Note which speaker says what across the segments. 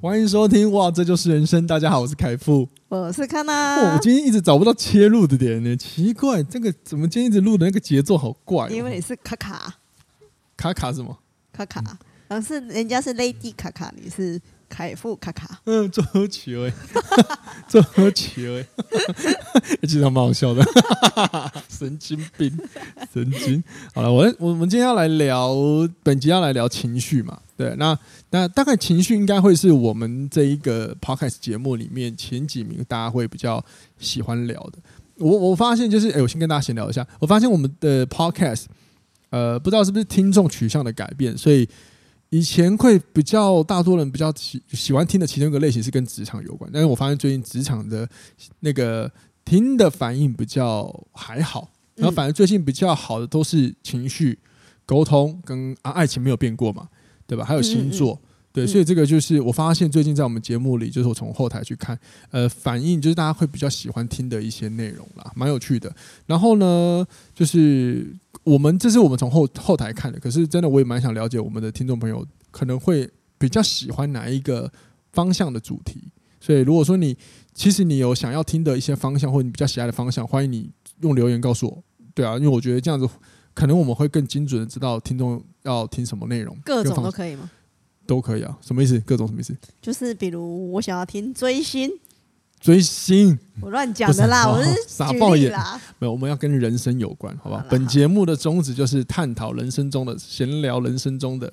Speaker 1: 歡迎收聽哇！這就是人生。大家好，我是凱富
Speaker 2: 我是康娜。我今天
Speaker 1: 一直找不到切入的點呢，奇怪，這個怎麼今天一直錄的那個節奏好
Speaker 2: 怪，哦。因為你是卡卡。
Speaker 1: 卡卡什麼？
Speaker 2: 卡卡，然後，嗯、是人家是 Lady 卡卡。你是。凱富卡卡，嗯，
Speaker 1: 足球，欸，足球，其實蠻好笑的， 神經病，神經。好了，我我們今天要來聊，本集要來聊情緒嘛？對，那那大概情緒應該會是我們這一個 podcast 節目裡面前幾名，大家會比較喜歡聊的。我我發現就是，哎、欸，我先跟大家閒聊一下。我發現我們的 podcast，呃，不知道是不是聽眾取向的改變，所以。以前會比較大多人比較喜喜歡聽的其中一個類型是跟職場有關，但是我發現最近職場的那個聽的反應比較還好，然後反正最近比較好的都是情緒溝通跟、啊愛情沒有變過嘛，對吧？還有星座。嗯嗯嗯對，所以這個就是我發現最近在我們節目裡，就是我從後台去看，呃，反應就是大家會比較喜歡聽的一些內容啦，蠻有趣的。然後呢，就是我們這是我們從後後台看的，可是真的我也蠻想了解我們的聽眾朋友可能會比較喜歡哪一個方向的主題。所以如果說你其實你有想要聽的一些方向，或者你比較喜愛的方向，歡迎你用留言告訴我。對啊，因為我覺得這樣子可能我們會更精準的知道聽眾要聽什麼內容，各種都可以嗎？都可以啊，什麼意思？各種什麼意思？
Speaker 2: 就是比如我想要聽追星、
Speaker 1: 追星，
Speaker 2: 我亂講的啦，是哦。我是舉例啦傻爆眼。
Speaker 1: 沒有，我們要跟人生有關，好吧？本節目的宗旨就是探討人生中的閒聊，人生中的，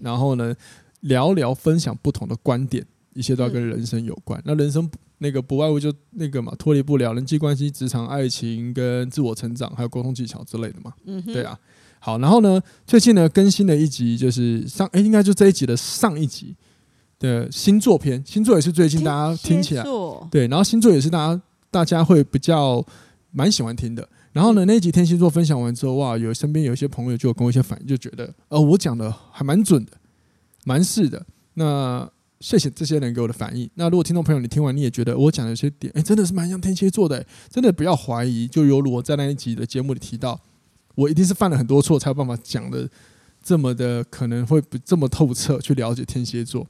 Speaker 1: 然後呢，聊聊分享不同的觀點，一切都要跟人生有關。嗯、那人生那個不外乎就那個嘛，脫離不了人際關係、職場、愛情、跟自我成長，還有溝通技巧之類的嘛。嗯，對啊。好，然後呢？最近呢，更新了一集就是上，誒、欸、應該就這一集的上一集的星座篇。星座也是最近大家聽起來，對，然後星座也是大家大家會比較蠻喜歡聽的。然後呢，那一集天蠍座分享完之後，哇，有身邊有一些朋友就有跟我一些反應，就覺得，呃，我講的還蠻準的，蠻是的。那謝謝這些人給我的反應。那如果聽眾朋友你聽完你也覺得我講的有些點，哎、欸，真的是蠻像天蠍座的、欸，真的不要懷疑。就猶如我在那一集的節目裡提到。我一定是犯了很多錯，才有辦法講得這麼的可能會不這麼透徹，去了解天蠍座。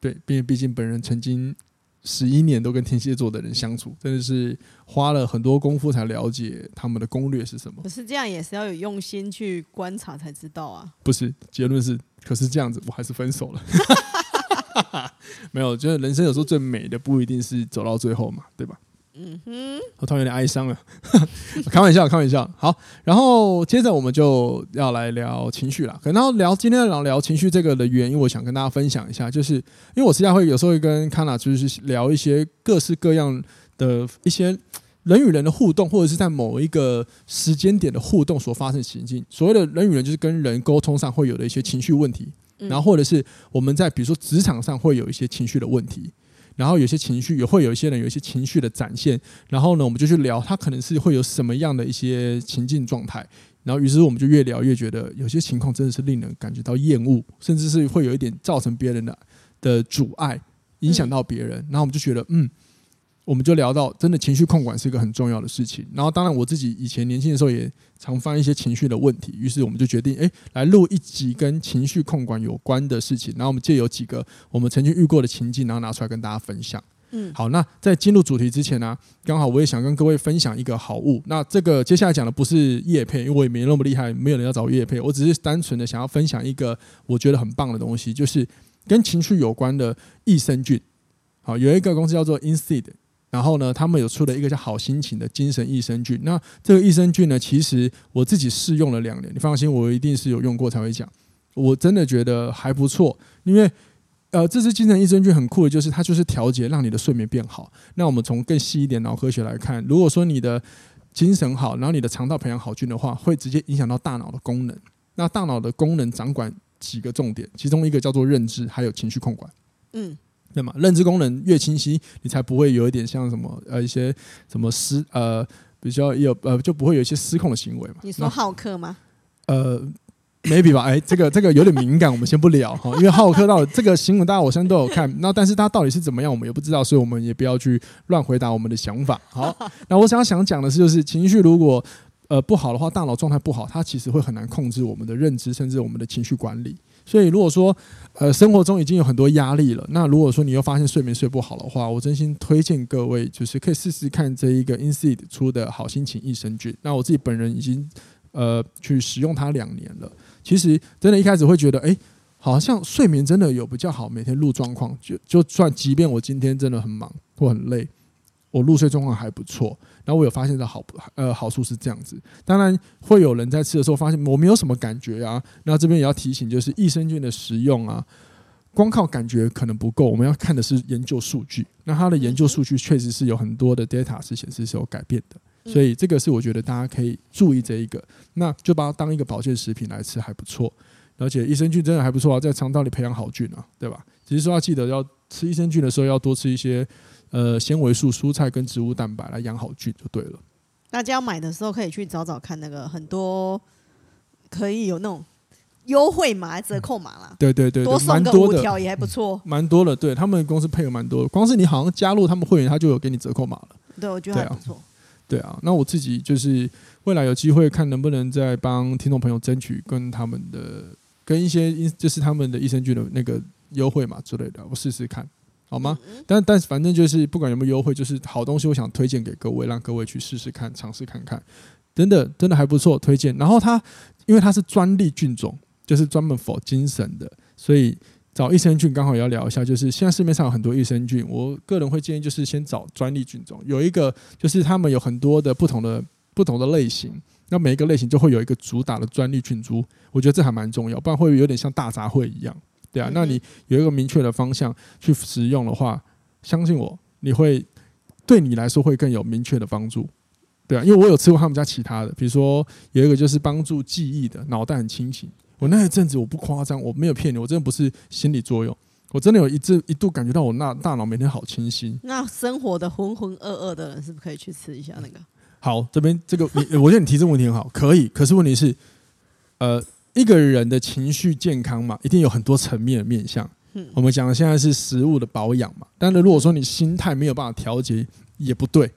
Speaker 1: 對，因為畢竟本人曾經十一年都跟天蠍座的人相處，真的是花了很多功夫才了解他們的攻略是什麼。不
Speaker 2: 是這樣，也是要有用心去觀察才知道啊。
Speaker 1: 不是，結論是，可是這樣子我還是分手了。 沒有，就是人生有時候最美的不一定是走到最後嘛，對吧？嗯哼，我突然有點哀傷了。 開玩笑，開玩笑。好，然後接着我們就要來聊情緒了。可能要聊今天要聊聊情緒這個的原因，我想跟大家分享一下，就是因為我私下會有時候會跟 Kana 就是聊一些各式各樣的一些人與人的互動，或者是在某一個時間點的互動所發生的情境。所謂的人與人，就是跟人溝通上會有的一些情緒問題，嗯，然後或者是我們在比如說職場上會有一些情緒的問題。然後有些情緒也會有一些人有一些情緒的展現，然後呢，我們就去聊，他可能是會有什麼樣的一些情境狀態，然後於是我們就越聊越覺得有些情況真的是令人感覺到厭惡，甚至是會有一點造成別人的的阻礙，影響到別人，然後我們就覺得嗯。我們就聊到真的情緒控管是一個很重要的事情，然後當然我自己以前年輕的時候也常犯一些情緒的問題，於是我們就決定哎來錄一集跟情緒控管有關的事情，然後我們藉由幾個我們曾經遇過的情境，然後拿出來跟大家分享。嗯，好，那在進入主題之前呢，啊，剛好我也想跟各位分享一個好物。那這個接下來講的不是業配，因為我也沒那麼厲害，沒有人要找業配，我只是單純的想要分享一個我覺得很棒的東西，就是跟情緒有關的益生菌。好，有一個公司叫做 Inseed 然後呢，他們有出了一個叫“好欣情”的精神益生菌。那這個益生菌呢，其實我自己試用了兩年。你放心，我一定是有用過才會講。我真的覺得還不錯，因為呃，這支精神益生菌很酷的就是它就是調節，讓你的睡眠變好。那我們從更細一點腦科學來看，如果說你的精神好，然後你的腸道培養好菌的話，會直接影響到大腦的功能。那大腦的功能掌管幾個重點，其中一個叫做認知，還有情緒控管。嗯。對嘛，認知功能越清晰，你才不會有一點像什麼呃一些什麼失呃比較有呃就不會有一些失控的行為嘛？你說浩克嗎？呃，maybe 吧。誒、 欸，這個這個有點敏感， 我們先不聊哈。因為浩克到這個行為，大家我現在都有看。那但是它到底是怎麼樣，我們也不知道，所以我們也不要去亂回答我們的想法。好， 那我想要想講的是，就是情緒如果呃不好的話，大腦狀態不好，它其實會很難控制我們的認知，甚至我們的情緒管理。所以如果說，呃，生活中已經有很多壓力了，那如果說你又發現睡眠睡不好的話，我真心推薦各位就是可以試試看這一個 Inseed 出的好欣情益生菌。那我自己本人已經，呃，去使用它兩年了。其實真的，一開始會覺得，哎、欸，好像睡眠真的有比較好。每天錄狀況，就就算即便我今天真的很忙或很累。我入睡狀況還不錯，然後我有發現的好呃好處是這樣子，當然會有人在吃的時候發現我沒有什麼感覺啊，那這邊也要提醒，就是益生菌的食用啊，光靠感覺可能不夠，我們要看的是研究數據。那它的研究數據確實是有很多的 data 是顯示是有改變的，所以這個是我覺得大家可以注意這一個，那就把它當一個保健食品來吃還不錯，而且益生菌真的還不錯啊，在腸道裡培養好菌啊，對吧？只是說要記得要吃益生菌的時候要多吃一些。呃，纖維素、蔬菜跟植物蛋白來養好菌就對了。
Speaker 2: 大家要買的時候可以去找找看那個很多可以有那種優惠碼、折扣碼啦。
Speaker 1: 嗯、對，對對對，多送個五條也還不錯，蠻多的、嗯、蠻多的。對，他們公司配合蠻多的，光是你好像加入他們會員，他就有給你折扣碼了。對，我覺得還不錯、對啊。對啊，那我自己就是未來有機會看能不能再幫聽眾朋友爭取跟他們的跟一些就是他們的益生菌的那個優惠碼之類的，我試試看。好嗎？但但反正就是不管有沒有優惠，就是好東西，我想推薦給各位，讓各位去試試看，嘗試看看，真的真的還不錯，推薦。然後它因為它是專利菌種，就是專門 for 精神的，所以找益生菌剛好也要聊一下，就是現在市面上有很多益生菌，我個人會建議就是先找專利菌種，有一個就是他們有很多的不同的不同的類型，那每一個類型就會有一個主打的專利菌株，我覺得這還蠻重要，不然會有點像大雜燴一樣。對啊，那你有一個明確的方向去使用的話，相信我，你會對你來說會更有明確的幫助。對啊，因為我有吃過他們家其他的，比如說有一個就是幫助記憶的，腦袋很清醒。我那一陣子我不誇張，我沒有騙你，我真的不是心理作用，我真的有一陣一度感覺到我那大腦每天好清晰。
Speaker 2: 那生活的渾渾噩噩的人是不是可以去吃一下那個？
Speaker 1: 好，這邊這個你，我覺得你提這個問題很好，可以。可是問題是，呃。一個人的情緒健康嘛，一定有很多層面的面向，嗯。我們講現在是食物的保養嘛，但是如果說你心態沒有辦法調節，也不對，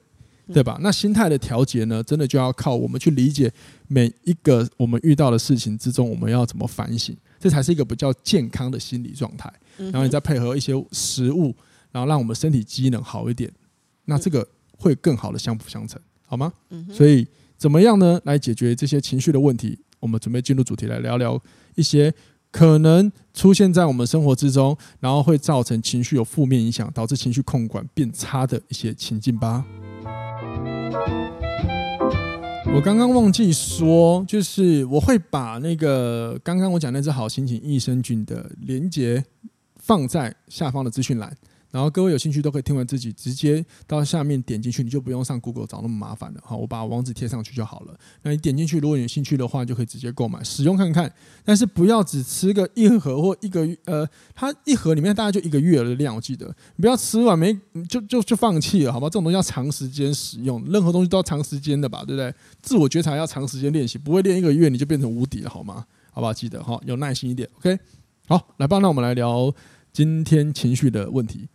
Speaker 1: 嗯，對吧？那心態的調節呢，真的就要靠我們去理解每一個我們遇到的事情之中，我們要怎麼反省，這才是一個比較健康的心理狀態，嗯。然後你再配合一些食物，然後讓我們身體機能好一點，那這個會更好的相輔相成，好嗎？嗯、所以怎麼樣呢？來解決這些情緒的問題。我們準備進入主題，來聊聊一些可能出現在我們生活之中，然後會造成情緒有負面影響，導致情緒控管變差的一些情境吧。我剛剛忘記說，就是我會把那個剛剛我講的那隻好欣情益生菌的連結放在下方的資訊欄。然後各位有興趣都可以聽完自己直接到下面點進去，你就不用上 Google 找那麼麻煩了。好，我把網址貼上去就好了。那你點進去，如果你有興趣的話，就可以直接購買使用看看。但是不要只吃個一盒或一個月呃，它一盒裡面大概就一個月的量，我記得你不要吃完沒就就就放棄了，好吧，這種東西要長時間使用，任何東西都要長時間的吧，對不對？自我覺察要長時間練習，不會練一個月你就變成無敵了，好嗎？好不好？記得哈，有耐心一點。OK，好，來吧，那我們來聊今天情緒的問題。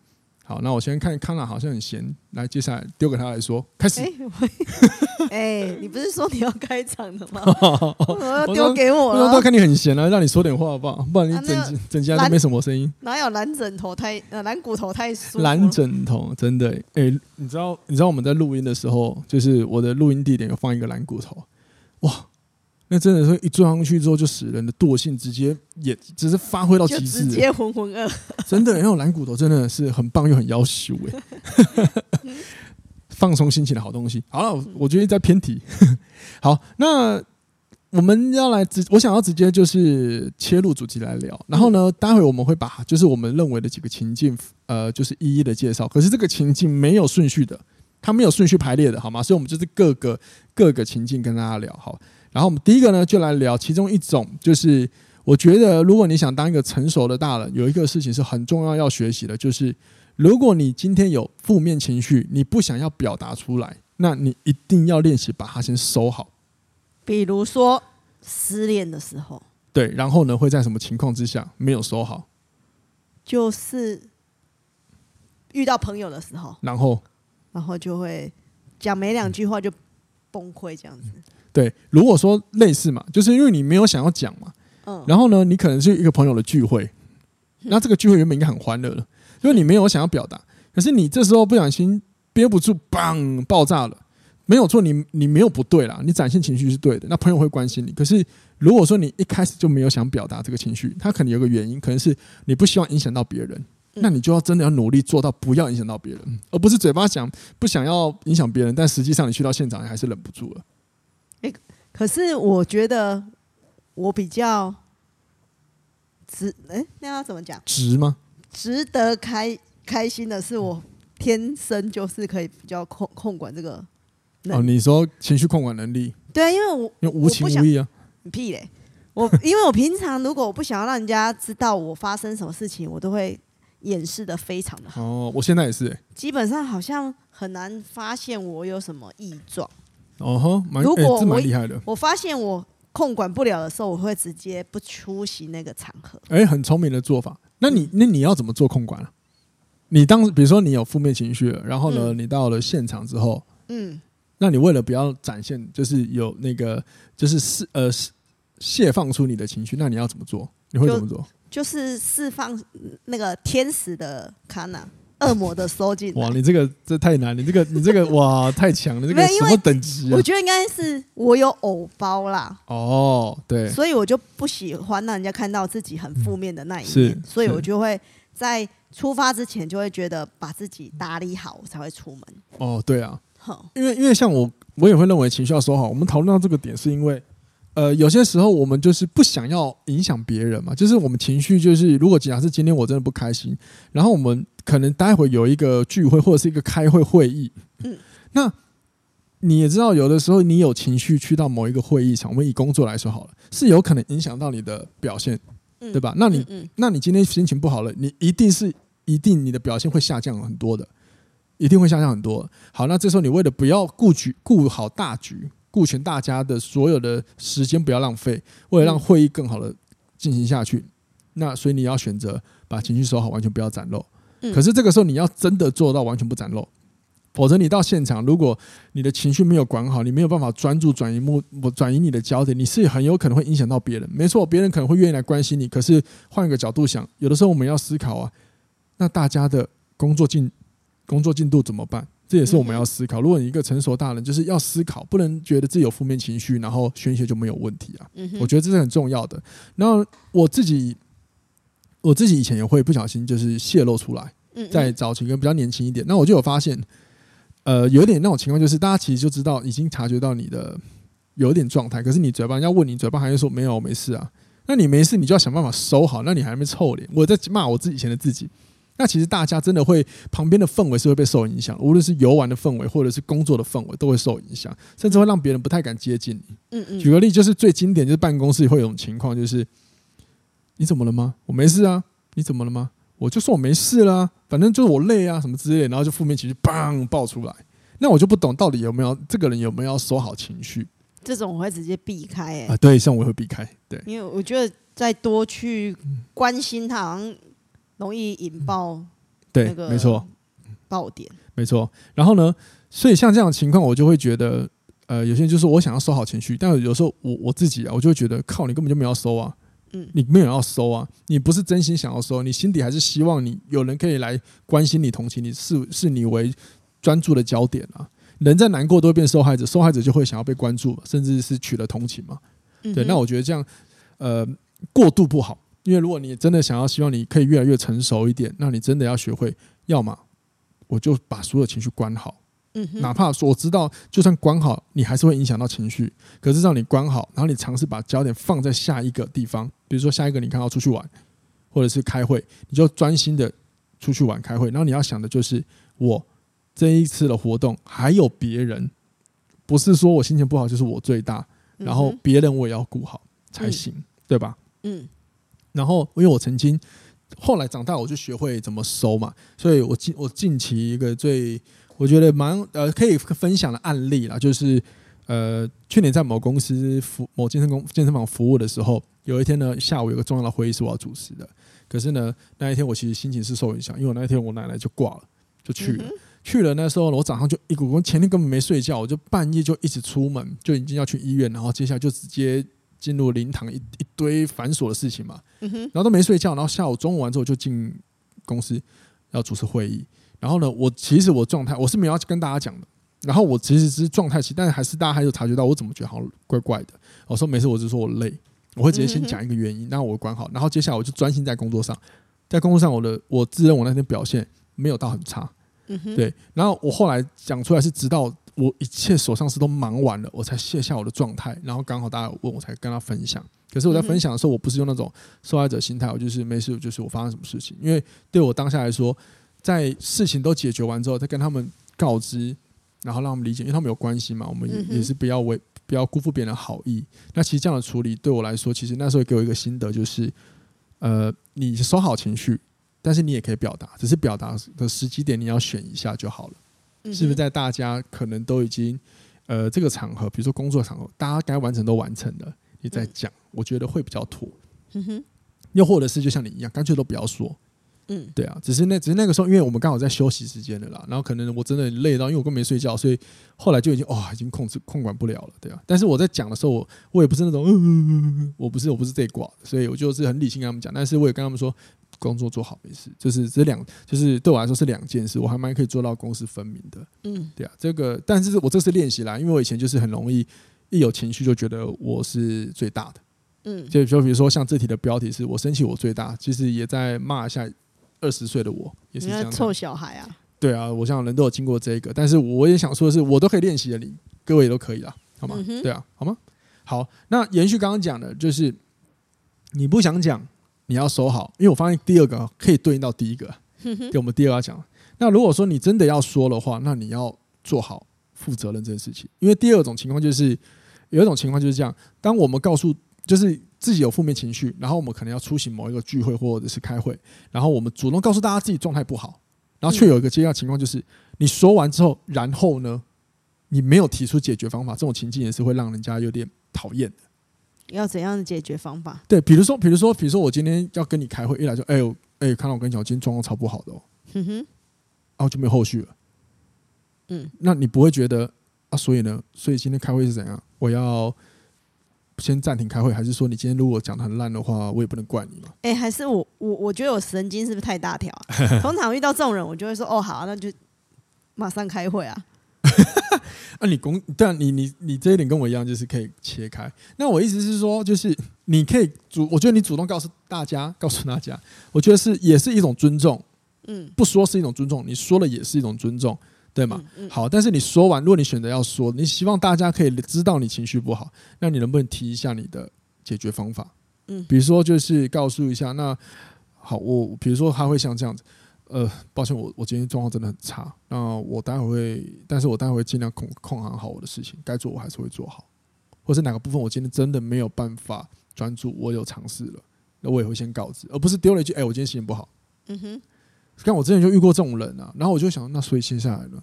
Speaker 1: 好，那我先看 Kana，好像很閒。來，接下來丟給他來說，開始。哎、
Speaker 2: 欸 欸，你不是說你要開場的嗎？ 我要丟給我了。我,我都
Speaker 1: 看你很閒啊，讓你說點話好不好？不然你整、啊那個、整來都沒什麼聲音。
Speaker 2: 哪有藍枕頭太、呃、藍骨頭太舒服藍
Speaker 1: 枕頭真的哎、欸欸，你知道你知道我們在錄音的時候，就是我的錄音地點有放一個藍骨頭哇。那真的是，一撞上去之後，就使人的惰性直接也只是發揮到極致，直接渾渾噩噩。真的，然後懶骨頭真的是很棒又很夭壽哎，放鬆心情的好東西。好了，我覺得再偏題。 好，那我們要來直，我想要直接就是切入主題來聊。然後呢，待會我們會把就是我們認為的幾個情境，呃，就是一一的介紹。可是這個情境沒有順序的，它沒有順序排列的好嗎？所以，我們就是各個各個情境跟大家聊好。然後我們第一個呢，就來聊其中一種，就是我覺得如果你想當一個成熟的大人，有一個事情是很重要要學習的，就是如果你今天有負面情緒，你不想要表達出來，那你一定要練習把它先收好。
Speaker 2: 比如說失戀的時
Speaker 1: 候。對，然後呢會在什麼情況之下沒有收好？
Speaker 2: 就是遇到朋友的時候。然後。然後就會講沒兩句話就崩潰這樣子。嗯。
Speaker 1: 對，如果說類似嘛，就是因為你沒有想要講嘛，然後呢，你可能是一個朋友的聚會，那這個聚會原本應該很歡樂的，因為你沒有想要表達，可是你這時候不小心憋不住，嘣爆炸了。沒有錯，你你沒有不對啦，你展現情緒是對的，那朋友會關心你。可是如果說你一開始就沒有想表達這個情緒，他可能有個原因，可能是你不希望影響到別人，那你就要真的要努力做到不要影響到別人，而不是嘴巴想不想要影響別人，但實際上你去到現場你還是忍不住了。
Speaker 2: 可是我覺得我比較值，哎、欸，那要怎麼講？值嗎？值得開開心的是，我天生就是可以比較控控管這個。哦，你
Speaker 1: 說情緒控管能力？
Speaker 2: 對，因為我因為無情無義啊。你屁嘞！我因為我平常如果我不想要讓人家知道我發生什麼事情，我都會掩飾的非常的
Speaker 1: 好。哦，我現在也是、欸。
Speaker 2: 基本上好像很難發現我有什麼異狀。
Speaker 1: 哦、吼，欸，蠻厲害的。我，我
Speaker 2: 發現我控管不了的時候，我會直接不出席那個場合。哎、
Speaker 1: 欸，很聰明的做法。那你、嗯、那你要怎麼做控管啊？你當時比如說你有負面情緒，然後呢、嗯，你到了現場之後，
Speaker 2: 嗯，
Speaker 1: 那你為了不要展現就是有那個就是釋呃洩放出你的情緒，那你要怎麼做？你會怎麼做？
Speaker 2: 就、就是釋放那個天使的卡娜。惡魔的收進哇！
Speaker 1: 你這個這太難，你這個你這個哇太強了，你這個什麼等級啊？我覺得應
Speaker 2: 該是我有偶包啦。
Speaker 1: 哦，對，所
Speaker 2: 以我就不喜歡讓人家看到自己很負面的那一面，所以我就會在出發之前就會覺得把自己打理好我才會出門。哦，對啊，好，
Speaker 1: 因為因為像我我也會認為情緒要收好。我們討論到這個點，是因為呃有些時候我們就是不想要影響別人嘛，就是我們情緒就是如果假設今天我真的不開心，然後我們。可能待會有一個聚會或者是一個開會會議，嗯，那你也知道，有的時候你有情緒去到某一個會議場，我們以工作來說好了，是有可能影響到你的表現，嗯，對吧？那你，嗯嗯，那你今天心情不好了，你一定是一定你的表現會下降很多的，一定會下降很多。好，那這時候你為了不要顧局，顧好大局，顧全大家的所有的時間不要浪費，為了讓會議更好的進行下去，嗯，那所以你要選擇把情緒收好，完全不要展露。嗯、可是這個時候，你要真的做到完全不展露，否則你到現場，如果你的情緒沒有管好，你沒有辦法專注轉移目，我轉移你的焦點，你是很有可能會影響到別人。沒錯，別人可能會願意來關心你。可是換一個角度想，有的時候我們要思考啊，那大家的工作進工作進度怎麼辦？這也是我們要思考。嗯、如果你一個成熟大人，就是要思考，不能覺得自己有負面情緒，然後宣洩就沒有問題啊。嗯、我覺得這是很重要的。然後我自己。我自己以前也會不小心，就是泄露出來嗯嗯，在早期跟比較年輕一點，那我就有發現，呃，有點那種情況，就是大家其實就知道，已經察覺到你的有點狀態，可是你嘴巴人家問你，嘴巴還是說沒有，沒事啊。那你沒事，你就要想辦法收好，那你還沒臭臉。我在罵我自己以前的自己。那其實大家真的會旁邊的氛圍是會被受影響，無論是遊玩的氛圍或者是工作的氛圍都會受影響，甚至會讓別人不太敢接近你。嗯嗯。舉個例，就是最經典就是辦公室會有一種情況，就是。你怎麼了嗎？我沒事啊。你怎麼了嗎？我就說我沒事啦、啊。反正就是我累啊，什麼之類的，然後就負面情緒嘣爆出來。那我就不懂到底有沒有這個人有沒有要收好情緒？
Speaker 2: 這種我會直接避開誒、欸。啊，對，像我
Speaker 1: 會避開。對，因
Speaker 2: 為我覺得再多去關心他，好像容易引爆那個、嗯。對，沒錯。爆、嗯、點。
Speaker 1: 沒錯。然後呢，所以像這種情況，我就會覺得，呃，有些人就是我想要收好情緒，但有時候我我自己啊，我就會覺得，靠，你根本就沒有收啊。你沒有要收啊，你不是真心想要收，你心底還是希望你有人可以來關心你、同情你視視視你為專注的焦點啊。人在難過都會變受害者，受害者就會想要被關注，甚至是取了同情嘛、嗯。對，那我覺得這樣，呃，過度不好。因為如果你真的想要希望你可以越來越成熟一點，那你真的要學會，要麼我就把所有情緒關好。哪怕我知道，就算關好，你還是會影響到情緒。可是讓你關好，然後你嘗試把焦點放在下一個地方，比如說下一個你剛好出去玩，或者是開會，你就專心的出去玩開會。然後你要想的就是，我這一次的活動還有別人，不是說我心情不好就是我最大，然後別人我也要顧好才行，嗯，對吧？嗯。然後因為我曾經後來長大，我就學會怎麼收嘛，所以我近我近期一個最。我覺得蠻呃可以分享的案例啦。就是呃去年在某公司服某健身公健身房服務的時候，有一天呢下午有個重要的會議是我要主持的，可是呢那一天我其實心情是受影響，因為我那一天我奶奶就掛了，就去了、嗯、去了那時候呢，我早上就一股風，前天根本沒睡覺，我就半夜就一直出門，就已經要去醫院，然後接下來就直接進入靈堂一一堆繁瑣的事情嘛、嗯，然後都沒睡覺，然後下午中午完之後就進公司要主持會議。然後呢，我其實我狀態我是沒有要跟大家講的。然後我其實只是狀態，其實但是還是大家還是察覺到我怎麼覺得好像怪怪的。我說沒事，我就說我累，我會直接先講一個原因，那、嗯、我管好。然後接下來我就專心在工作上，在工作上我的我自認我那天表現沒有到很差、嗯，對。然後我後來講出來是直到我一切手上事都忙完了，我才卸下我的狀態。然後剛好大家問我，我才跟他分享。可是我在分享的時候，我不是用那種受害者心態，我就是沒事，就是我發生什麼事情，因為對我當下來說。在事情都解決完之後，再跟他們告知，然後讓他們理解，因為他們有關係嘛，我們也，也是不要為不要辜負別人的好意，嗯。那其實這樣的處理對我來說，其實那時候給我一個心得就是，呃，你收好情緒，但是你也可以表達，只是表達的時機點你要選一下就好了，嗯。是不是在大家可能都已經呃這個場合，比如說工作場合，大家該完成都完成了，你再講，嗯，我覺得會比較妥，嗯哼。又或者是就像你一樣，乾脆都不要說。嗯，對啊，只是那只是那個時候，因為我們剛好在休息時間的啦，然後可能我真的累到，因為我都沒睡覺，所以後來就已經哦，已經控制控管不了了，對啊。但是我在講的時候，我我也不是那種，嗯嗯嗯嗯我不是我不是這一掛，所以我就是很理性跟他們講。但是我也跟他們說，工作做好沒事，就是這兩，就是對我來說是兩件事，我還蠻可以做到公私分明的。嗯，對啊，這個，但是我這次練習啦，因為我以前就是很容易一有情緒就覺得我是最大的，
Speaker 2: 嗯，就
Speaker 1: 就比如說像這題的標題是“我生氣我最大”，其實也在罵一下。二十歲的我是、啊、也是這樣，臭小孩啊！對啊，我想人都有經過這一個，但是我也想說的是，我都可以練習的，你各位也都可以了好嗎、嗯？對啊，好嗎？好，那延續剛剛講的，就是你不想講，你要收好，因為我發現第二個可以對應到第一個，給、
Speaker 2: 嗯、我
Speaker 1: 們第二個講。那如果說你真的要說的話，那你要做好負責任這件事情，因為第二種情況就是有一種情況就是這樣，當我們告訴就是。自己有負面情緒，然後我們可能要出席某一個聚會或者是開會，然後我們主動告訴大家自己狀態不好，然後卻有一個接下來的情況就是你說完之後，然後呢，你沒有提出解決方法，這種情境也是會讓人家有點討厭的。
Speaker 2: 要怎樣的解決方法？
Speaker 1: 對，比如說，比如說，比如說，我今天要跟你開會，一來就哎呦哎，看到我跟你講，我今天狀況超不好的哦，嗯哼，然後就沒有後續了。嗯，那你不會覺得啊？所以呢，所以今天開會是怎樣？我要。先暫停開會，還是說你今天如果講得很爛的話，我也不能怪你嗎？
Speaker 2: 哎、欸，還是我我我覺得我神經是不是太大條、啊？通常遇到這種人，我就會說哦好、啊，那就馬上開會啊。
Speaker 1: 啊你你，你公，但你你你這一點跟我一樣，就是可以切開。那我意思是說，就是你可以主，我覺得你主動告訴大家，告訴大家，我覺得是也是一種尊重。嗯，不說是一種尊重，你說的也是一種尊重。對嘛、嗯嗯？好，但是你說完，如果你選擇要說，你希望大家可以知道你情緒不好，那你能不能提一下你的解決方法？嗯、比如說就是告訴一下，那好，我比如說他會像這樣子，呃，抱歉，我我今天狀況真的很差，那我待會會，但是我待會會盡量控控、控好我的事情，該做我還是會做好，或是哪個部分我今天真的沒有辦法專注，我有嘗試了，那我也會先告知，而不是丟了一句，哎、欸，我今天心情不好。嗯哼。像我之前就遇過這種人啊，然後我就想，那所以接下來呢，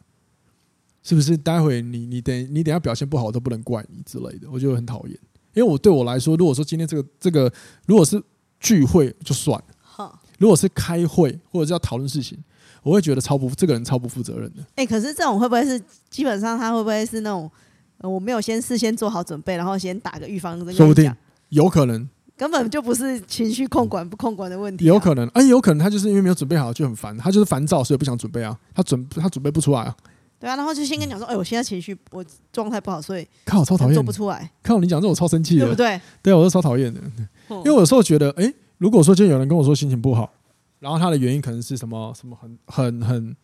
Speaker 1: 是不是待會你你等你等一下表現不好，我都不能怪你之類的？我就很討厭，因為我對我來說，如果說今天這個這個如果是聚會就算
Speaker 2: 了，
Speaker 1: 哦、如果是開會或者是要討論事情，我會覺得超不這個人超不負責任的。
Speaker 2: 哎、欸，可是這種會不會是基本上他會不會是那種、呃、我沒有先事先做好準備，然後先打個預防針？說不定有可能。根本就不是情緒控管不控管的問題啊，有
Speaker 1: 可能，哎、欸，有可能他就是因為沒有準備好就很煩，他就是煩躁，所以不想準備啊，他準他準備不出來啊。
Speaker 2: 對啊，然後就先跟你講說，哎、欸，我現在情緒我狀態不好，所以
Speaker 1: 看我超討厭，做不出來。看我你講這我超生氣的，對不對？對啊，我都超討厭的，因為我有時候覺得，哎、欸，如果說今天有人跟我說心情不好，然後他的原因可能是什麼什麼很很很，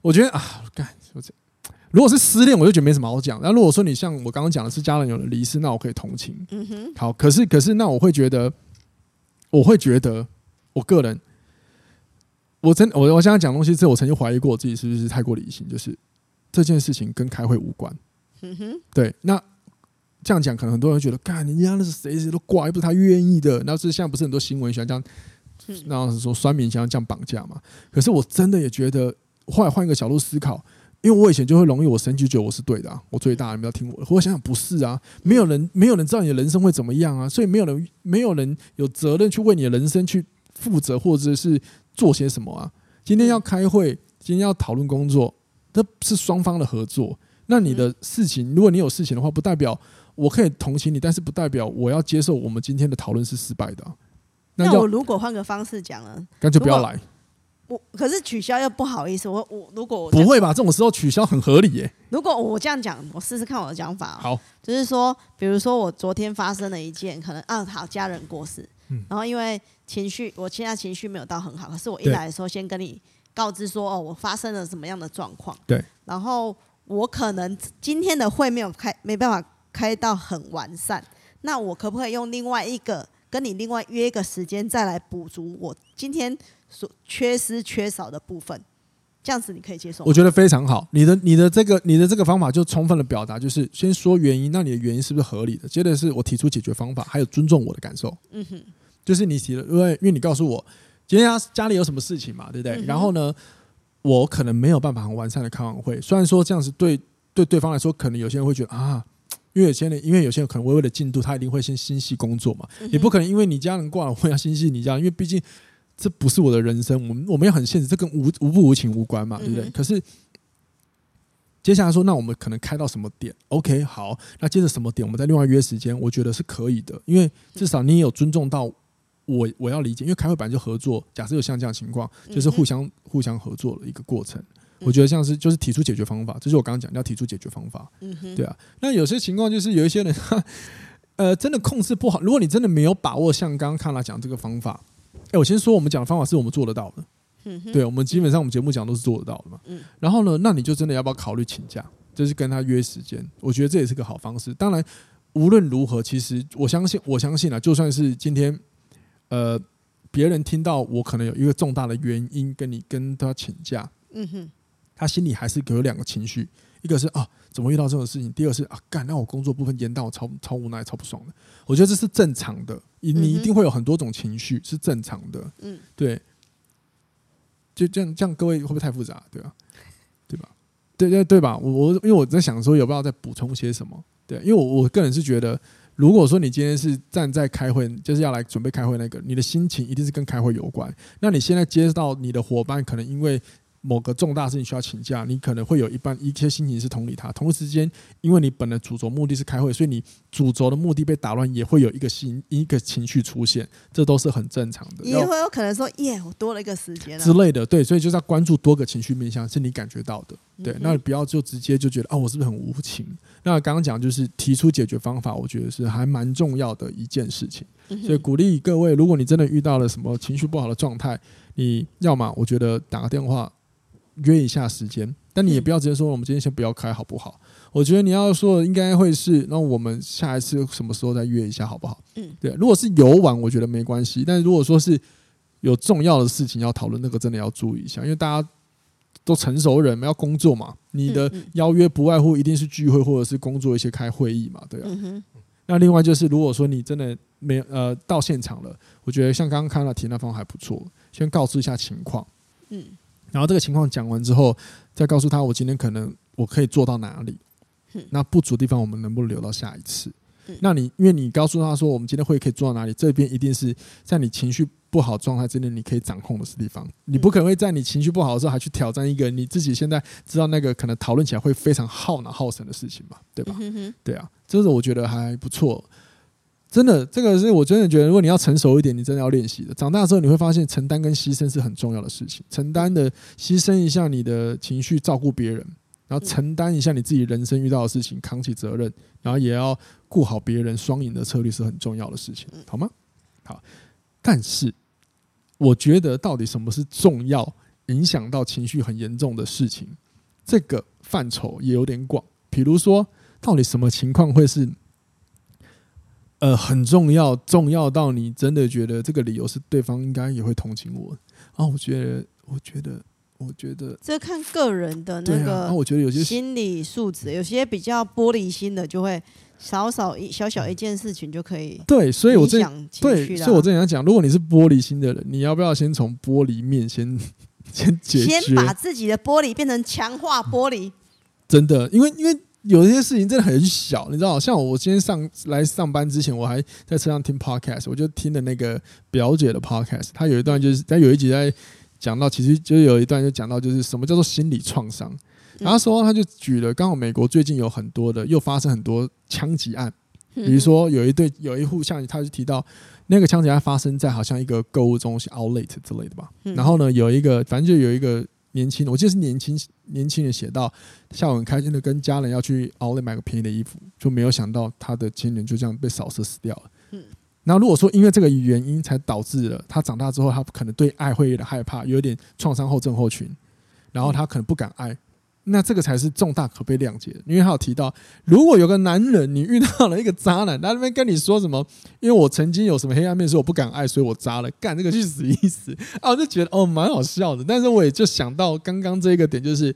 Speaker 1: 我覺得啊，干我這。如果是失戀，我就覺得沒什麼好講。那如果說你像我剛剛講的是，是家人有人離世，那我可以同情。嗯哼，好。可是，可是，那我會覺得，我會覺得，我個人，我真我，我現在講東西之後，這我曾經懷疑過我自己是不是太過理性，就是這件事情跟開會無關。嗯哼，對。那這樣講，可能很多人覺得，幹人家那是誰誰都怪，又不是他願意的。那是現在不是很多新聞喜歡這樣，然後是說酸民像這樣綁架嘛？可是我真的也覺得，換換一個角度思考，因為我以前就會容易，我生氣覺得我是對的，啊，我最大，你們要聽我的。我想想，不是啊，沒有人，沒有人知道你的人生會怎麼樣啊，所以沒有人，沒有人有責任去為你的人生去負責，或者是做些什麼啊。今天要開會，今天要討論工作，這是雙方的合作。那你的事情，嗯，如果你有事情的話，不代表我可以同情你，但是不代表我要接受我們今天的討論是失敗的。那，那我
Speaker 2: 如果換個方式講了，那就不要來。我可是取消又不好意思，我我如果我不會
Speaker 1: 吧，這種時候取消很合理耶、欸。
Speaker 2: 如果我這樣講，我試試看我的講法、喔。好，就是說，比如說我昨天發生了一件可能啊，好家人過世、嗯，然後因為情緒，我現在情緒沒有到很好，可是我一來的時候先跟你告知說，哦，我發生了什麼樣的狀況。對。然後我可能今天的會沒有開，沒辦法開到很完善，那我可不可以用另外一個跟你另外約一個時間再來補足我今天？所缺失、缺少的部分，這樣子你可以接受，我覺得
Speaker 1: 非常好。你的、你的這個、你的這個方法，就充分的表達，就是先說原因，那你的原因是不是合理的？接着是我提出解決方法，還有尊重我的感受。嗯
Speaker 2: 哼，
Speaker 1: 就是你提了，因為因為你告訴我今天他家裡有什麼事情嘛，對不對？然後呢，我可能沒有辦法很完善的開完會。雖然說這樣子對對對方來說，可能有些人會覺得啊，因為有些人，因為有些人可能微微的進度，他一定會先心繫工作嘛，也不可能因為你家人掛了，會要心繫你家，因為畢竟。這不是我的人生，我們我們要很現實，這跟無無不無情無關嘛，對不對、嗯？可是，接下來說，那我們可能開到什麼點？OK，好，那接着什麼點，我們再另外約時間，我覺得是可以的，因為至少你也有尊重到我，我要理解，因為開會本來就合作。假設有像這樣的情況，就是互相互相合作的一個過程，嗯、我覺得像是就是提出解決方法，就是我剛剛講要提出解決方法、嗯，對啊。那有些情況就是有一些人，呃，真的控制不好。如果你真的沒有把握，像剛剛 Kana 講這個方法，哎、欸，我先說，我們講的方法是我們做得到的，嗯、對，我們基本上我們節目講的都是做得到的嘛、嗯。然後呢，那你就真的要不要考慮請假？就是跟他約時間，我覺得這也是個好方式。當然，無論如何，其實我相信，我相信啊，就算是今天，呃，別人聽到我可能有一個重大的原因跟你跟他請假，嗯哼、他心裡還是有兩個情緒。一個是啊，怎麼遇到這種事情？第二是啊，幹，那我工作不分嚴，但我超超無奈，超不爽的。我覺得這是正常的，你你一定會有很多種情緒，嗯，是正常的。嗯，對。就這樣，這樣各位會不會太複雜？對吧？對吧？對對對吧？我我因為我在想說，有沒有要再補充些什麼？對，因為我我個人是覺得，如果說你今天是站在開會，就是要來準備開會那個，你的心情一定是跟開會有關。那你現在接到你的夥伴，可能因為。某個重大事情需要請假，你可能會有一半一些心情是同理他，同一時間，因為你本來主軸目的是開會，所以你主軸的目的被打亂，也會有一個心一個情緒出現，這都是很正常的。也
Speaker 2: 會有可能說，耶，我多了一個時間之
Speaker 1: 類的。對，所以就是要關注多個情緒面向，是你感覺到的。對，嗯、那你不要就直接就覺得啊、哦，我是不是很無情？那剛剛講就是提出解決方法，我覺得是還蠻重要的一件事情、嗯。所以鼓勵各位，如果你真的遇到了什麼情緒不好的狀態，你要麼我覺得打個電話。約一下時間，但你也不要直接說，我們今天先不要開好不好？嗯、我覺得你要說的應該會是，那我們下一次什麼時候再約一下好不好？嗯、對。如果是遊玩，我覺得沒關係；但如果說是有重要的事情要討論，那個真的要注意一下，因為大家都成熟人，要工作嘛。你的邀約不外乎一定是聚會或者是工作一些開會議嘛，對啊。嗯、那另外就是，如果說你真的沒呃到現場了，我覺得像剛剛看到提那方還不錯，先告知一下情況。嗯。然後這個情況講完之後，再告訴他我今天可能我可以做到哪裡，那不足的地方我們能不能留到下一次？那你因為你告訴他說我們今天會可以做到哪裡，這邊一定是在你情緒不好狀態之內你可以掌控的地方，你不可能會在你情緒不好的時候還去挑戰一個你自己現在知道那個可能討論起來會非常耗腦耗神的事情嘛，對吧？嗯、哼哼對啊，這個我覺得還不錯。真的，這個是我真的覺得，如果你要成熟一點，你真的要練習的。長大之後，你會發現承擔跟犧牲是很重要的事情。承擔的犧牲一下你的情緒，照顧別人，然後承擔一下你自己人生遇到的事情，扛起責任，然後也要顧好別人，雙贏的策略是很重要的事情，好嗎？好。但是，我覺得到底什麼是重要，影響到情緒很嚴重的事情，這個範疇也有點廣。比如說，到底什麼情況會是？呃，很重要，重要到你真的覺得這個理由是對方應該也會同情我啊！我覺得，我覺得，我覺得，這
Speaker 2: 看個人的那個、啊啊。我覺得有些心理素質，有些比較玻璃心的，就會少少一小小一件事情就可以。對，所以我這、啊、對，所以我這
Speaker 1: 想講，如果你是玻璃心的人，你要不要先從玻璃面先先解決？先把自
Speaker 2: 己的玻璃變成強化玻璃。嗯、
Speaker 1: 真的，因為因為。有一些事情真的很小，你知道，像我，今天上來上班之前，我還在車上聽 podcast，我就聽的那個表姐的 podcast，她有一段就是，在有一集在講到，其實就有一段就講到就是什麼叫做心理創傷，然後說他，他就舉了，剛好美國最近有很多的又發生很多槍擊案，比如說有一對有一戶，像他就提到那個槍擊案發生在好像一個購物中心 outlet 之類的吧，然後呢有一個，反正就有一個。年輕，我記得是年輕年輕人寫到下午很開心的跟家人要去 Outlet 買個便宜的衣服，就沒有想到他的親人就這樣被掃射死掉
Speaker 2: 了。
Speaker 1: 嗯。那如果說因為這個原因才導致了他長大之後他可能對愛會有點害怕，有點創傷後症候群，然後他可能不敢愛。嗯嗯那這個才是重大可被諒解的，因為他有提到，如果有個男人，你遇到了一個渣男，他那邊跟你說什麼？因為我曾經有什麼黑暗面，所以我不敢愛，所以我渣了。幹這個去死意思啊，我就覺得哦，蠻好笑的。但是我也就想到剛剛這一個點，就是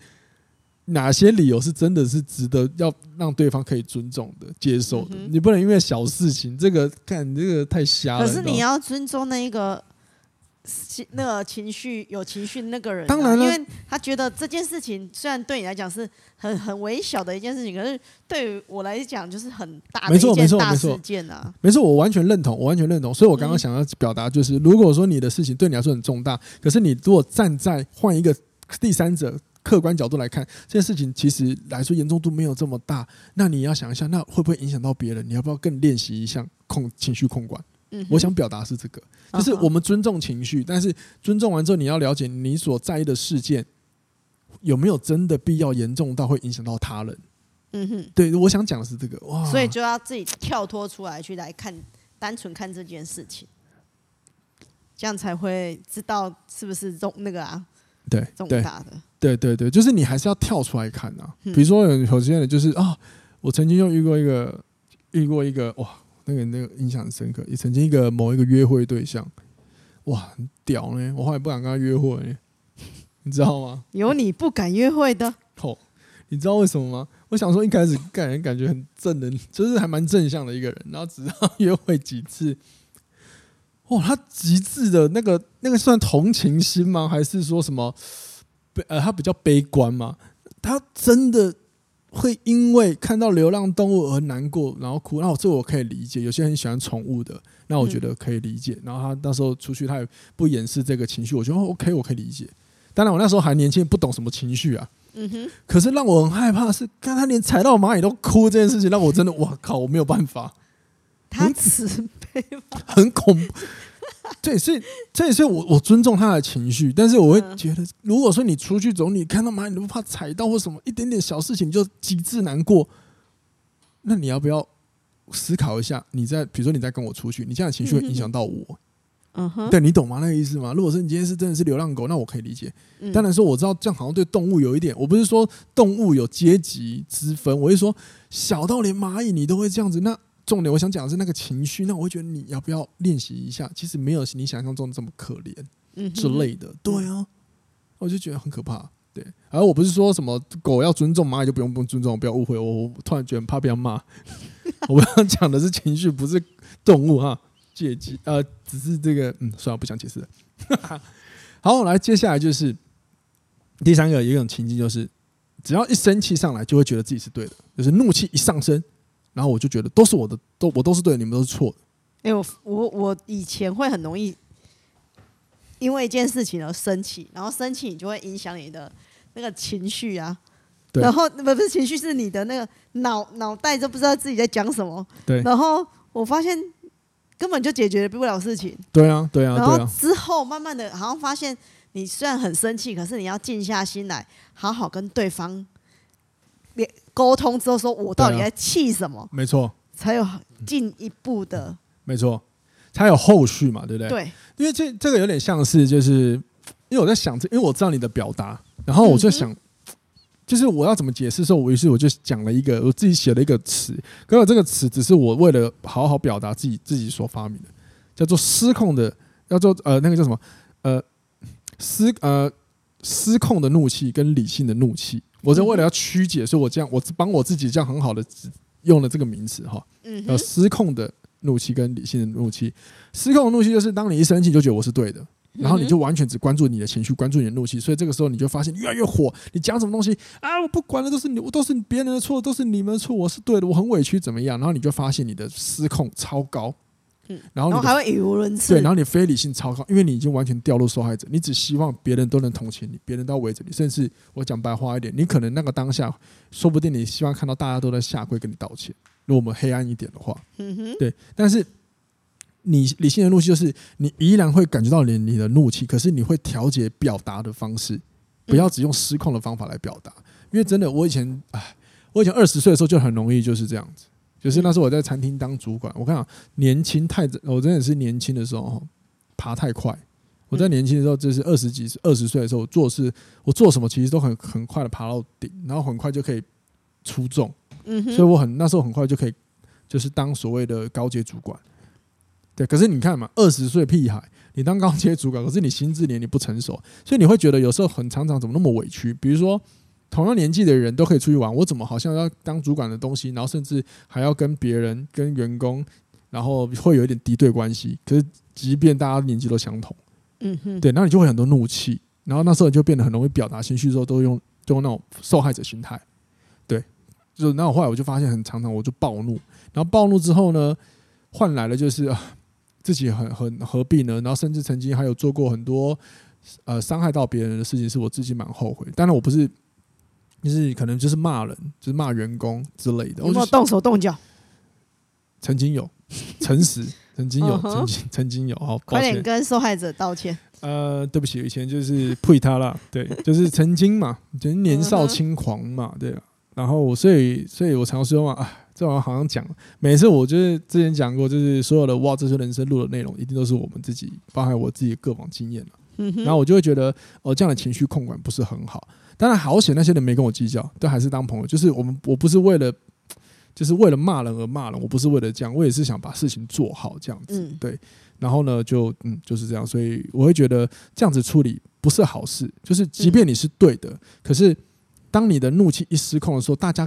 Speaker 1: 哪些理由是真的是值得要讓對方可以尊重的、接受的？嗯、你不能因為小事情，這個幹這個太瞎了。可是你
Speaker 2: 要尊重那一個。那個情緒有情緒那個人、啊，當然了，因為他覺得這件事情雖然對你來講是很很微小的一件事情，可是對於我來講就是很大的一件大事件啊。
Speaker 1: 沒錯，我完全認同，我完全認同。所以我剛剛想要表達就是，嗯、如果說你的事情對你來說很重大，可是你如果站在換一個第三者客觀角度來看，這件事情其實來說嚴重度沒有這麼大。那你要想一下，那會不會影響到別人？你要不要更練習一下控情緒控管？嗯、我想表達是這個，就是我們尊重情緒、哦，但是尊重完之後，你要了解你所在意的事件有沒有真的必要嚴重到會影響到他人。嗯
Speaker 2: 哼，
Speaker 1: 對，我想講的是這個哇，所以
Speaker 2: 就要自己跳脫出來去來看，單純看這件事情，這樣才會知道是不是重那個啊。
Speaker 1: 對，重大的，對對對，就是你還是要跳出來看啊。比如說有有些人就是啊、哦，我曾經又遇過一個遇過一個哇。那個那個印象很深刻，也曾經一個某一個約會對象，哇，很屌呢，我後來不敢跟他約會，你知道嗎？有你不敢約會的哦，你知道為什麼嗎？我想說一開始給人感覺很正能，就是還蠻正向的一個人，然後直到約會幾次，哇、哦，他極致的那個那個算同情心嗎？還是說什麼？呃，他比較悲觀嗎？他真的。會因為看到流浪動物而難過，然後哭，那我這我可以理解。有些人喜歡寵物的，那我覺得可以理解。嗯。然後他那時候出去，他也不掩飾這個情緒，我覺得 OK，我可以理解。當然，我那時候還年輕，不懂什麼情緒啊。嗯哼。可是讓我很害怕的是，看他連踩到我螞蟻都哭這件事情，讓我真的，我靠，我沒有辦法。很，他慈悲嗎？很恐怖。這也是，這也是我我尊重他的情緒，但是我會覺得，如果說你出去走，你看到螞蟻，你都不怕踩到或什麼一點點小事情就極致難過，那你要不要思考一下？你在比如說你在跟我出去，你這樣的情緒會影響到我，嗯哼，對，你懂嗎？那個意思嗎？如果說你今天是真的是流浪狗，那我可以理解。當然說我知道這樣好像對動物有一點，我不是說動物有階級之分，我是說小到連螞蟻你都會這樣子那。重點我想講的是那個情緒，那我會覺得你要不要練習一下？其實沒有你想象中的這麼可憐之類的。嗯、對啊、哦，我就覺得很可怕。對，而、啊、我不是說什麼狗要尊重螞蟻就不用不尊重，不要誤會我。我突然覺得怕怕被罵。 我剛剛講的是情緒，不是動物哈。借機呃，只是這個嗯，算了，不想解釋了。 好，來接下來就是第三個，有一種情境就是，只要一生氣上來，就會覺得自己是對的，就是怒氣一上升，然後我就覺得都是我的，都我都是對，你們都是錯的。哎、
Speaker 2: 欸、我我，我以前會很容易因為一件事情而生氣，然後生氣你就會影響你的那個情緒啊。
Speaker 1: 對。然後
Speaker 2: 不是情緒，是你的那個腦腦袋都不知道自己在講什麼。對。然後我發現根本就解決了不了事情。
Speaker 1: 對啊，對啊。然後
Speaker 2: 之後慢慢的好像發現，你雖然很生氣，啊，可是你要靜下心來，好好跟對方，別。溝通之後，說我到底在氣什麼？啊、沒錯，才有進一步的、嗯
Speaker 1: 嗯。沒錯，才有後續嘛，對不對？對，因為這這個有點像是，就是因為我在想，因為我知道你的表達，然後我就想，嗯、就是我要怎麼解釋的時候，我於是我就講了一個我自己寫了一個詞，可是這個詞只是我為了好好表達自己自己所發明的，叫做失控的，叫做呃那個叫什麼呃失呃失控的怒氣跟理性的怒氣。我是為了要曲解，所以我這樣，我幫我自己這樣很好的用了這個名詞哈，叫、嗯、失控的怒氣跟理性的怒氣。失控的怒氣就是當你一生氣就覺得我是對的，然後你就完全只關注你的情緒，關注你的怒氣，所以這個時候你就發現越來越火，你講什麼東西啊，我不管了，都是你，我都是別人的錯，都是你們的錯，我是對的，我很委屈怎麼樣，然後你就發現你的失控超高。然後，然後還會語無倫次。對，然後你非理性超高，因為你已經完全掉入受害者，你只希望別人都能同情你，別人都要圍着你。甚至我講白話一點，你可能那個當下，說不定你希望看到大家都在下跪跟你道歉。如果我們黑暗一點的話，對。但是你理性的怒氣就是，你依然會感覺到你你的怒氣，可是你會調節表達的方式，不要只用失控的方法來表達。因為真的，我以前，哎，我以前二十歲的時候就很容易就是這樣子。就是那時候我在餐廳當主管，我跟你講，年輕太，我真的是年輕的時候爬太快。我在年輕的時候就是二十幾、二十歲的時候，我做事我做什麼其實都很很快的爬到頂，然後很快就可以出眾。所以我很那時候很快就可以就是當所謂的高階主管。對，可是你看嘛，二十歲屁孩，你當高階主管，可是你心智年齡你不成熟，所以你會覺得有時候很常常怎麼那麼委屈，比如說。同樣年紀的人都可以出去玩，我怎麼好像要當主管的東西，然後甚至還要跟別人、跟員工，然後會有一點敵對關係。可是，即便大家年紀都相同，嗯哼，對，那你就會很多怒氣，然後那時候你就變得很容易表達情緒的時候，都用都用那種受害者心態，對，就是那我後來我就發現很常常我就暴怒，然後暴怒之後呢，換來了就是、呃、自己很很何必呢？然後甚至曾經還有做過很多呃傷害到別人的事情，是我自己蠻後悔。當然，我不是。就是可能就是罵人，就是罵員工之類的。有沒有動手動腳？曾經有，誠實曾經有， 曾，曾經曾經有。好，快點跟
Speaker 2: 受害者道歉。
Speaker 1: 呃，對不起，以前就是呸他了，對，就是曾經嘛，就是年少輕狂嘛，對、啊、然後我所以所以我常說嘛，啊，這玩意好像講，每次我就是之前講過，就是所有的哇，這些人生路的內容，一定都是我們自己包含我自己過往經驗 然後我就會覺得，哦，這樣的情緒控管不是很好。當然，好險那些人沒跟我計較，都還是當朋友。就是我們，我不是為了，就是為了罵人而罵人。我不是為了這樣，我也是想把事情做好，這樣子。嗯、對，然後呢，就嗯，就是這樣。所以我會覺得這樣子處理不是好事。就是，即便你是對的，嗯、可是當你的怒氣一失控的時候，大家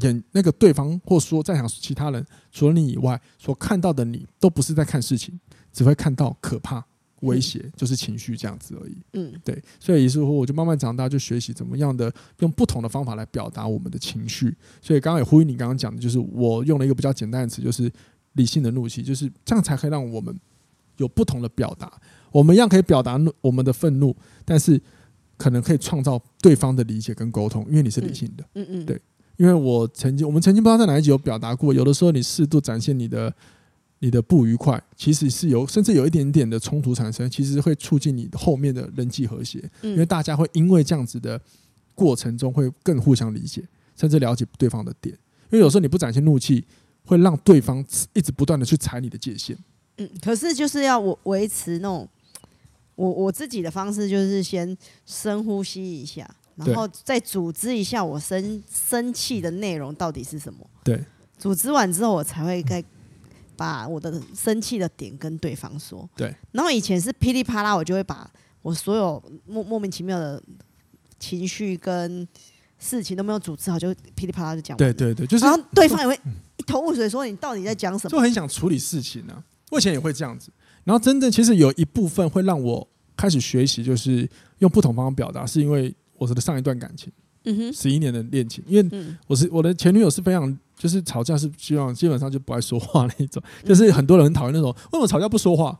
Speaker 1: 眼那個對方，或說在場其他人，除了你以外所看到的你，都不是在看事情，只會看到可怕。威脅、嗯、就是情緒這樣子而已。嗯，對，所以於是乎我就慢慢長大，就學習怎麼樣的用不同的方法來表達我們的情緒。所以剛剛也呼籲你，剛剛講的就是我用了一個比較簡單的詞，就是理性的怒氣，就是這樣才可以讓我們有不同的表達。我們一樣可以表達怒我們的憤怒，但是可能可以創造對方的理解跟溝通，因為你是理性的。嗯，嗯嗯，對，因為我曾經，我們曾經不知道在哪一集有表達過，有的時候你適度展現你的。你的不愉快其實是有，甚至有一點點的衝突產生，其實會促進你後面的人際和諧，嗯，因為大家會因為這樣子的過程中會更互相理解，甚至了解對方的點。因為有時候你不展現怒氣，會讓對方一直不斷的去踩你的界限。嗯，
Speaker 2: 可是就是要我維持那種，我我自己的方式就是先深呼吸一下，然後再組織一下我生生氣的內容到底是什麼。對，組織完之後我才會該。把我的生氣的點跟對方說，對。然後以前是噼裡啪啦，我就會把我所有莫莫名其妙的情緒跟事情都沒有組織好，就噼裡啪啦就講完。對對對，就是。然後對方也會一頭霧水，說你到底在講什麼？就很想
Speaker 1: 處理事情呢、啊。我以前也會這樣子。然後真正其實有一部分會讓我開始學習，就是用不同方法表達，是因為我的上一段感情，嗯哼，十一年的戀情，因為我是我的前女友是非常。就是吵架是希望基本上就不愛說話那一種，就是很多人很討厭那種，為什麼吵架不說話？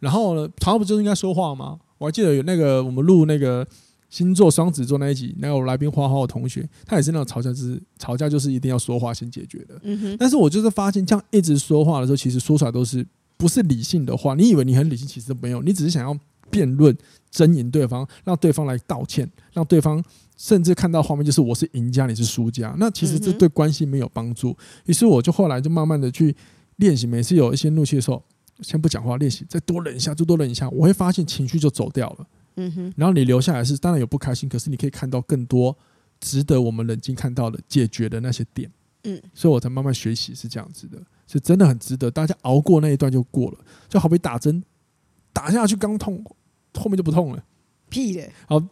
Speaker 1: 然後呢，吵架不就是應該說話嗎？我還記得有那個我們錄那個星座雙子座那一集，那有個來賓花花的同學，他也是那種吵架是吵架就是一定要說話先解決的。嗯哼。但是我就是發現，這樣一直說話的時候，其實說出來都是不是理性的話。你以為你很理性，其實沒有，你只是想要辯論、爭贏對方，讓對方來道歉，讓對方。甚至看到畫面就是我是贏家，你是輸家。那其實這對關係沒有幫助。嗯哼。於是我就後來就慢慢的去練習，每次有一些怒氣的時候，先不講話，練習再多忍一下，再多忍一下，我會發現情緒就走掉了。嗯哼。然後你留下來是當然有不開心，可是你可以看到更多值得我們冷靜看到的、解決的那些點。嗯。所以我才慢慢學習是這樣子的，是真的很值得。大家熬過那一段就過了，就好比打針，打下去剛痛，後面就不痛了。屁的，好，突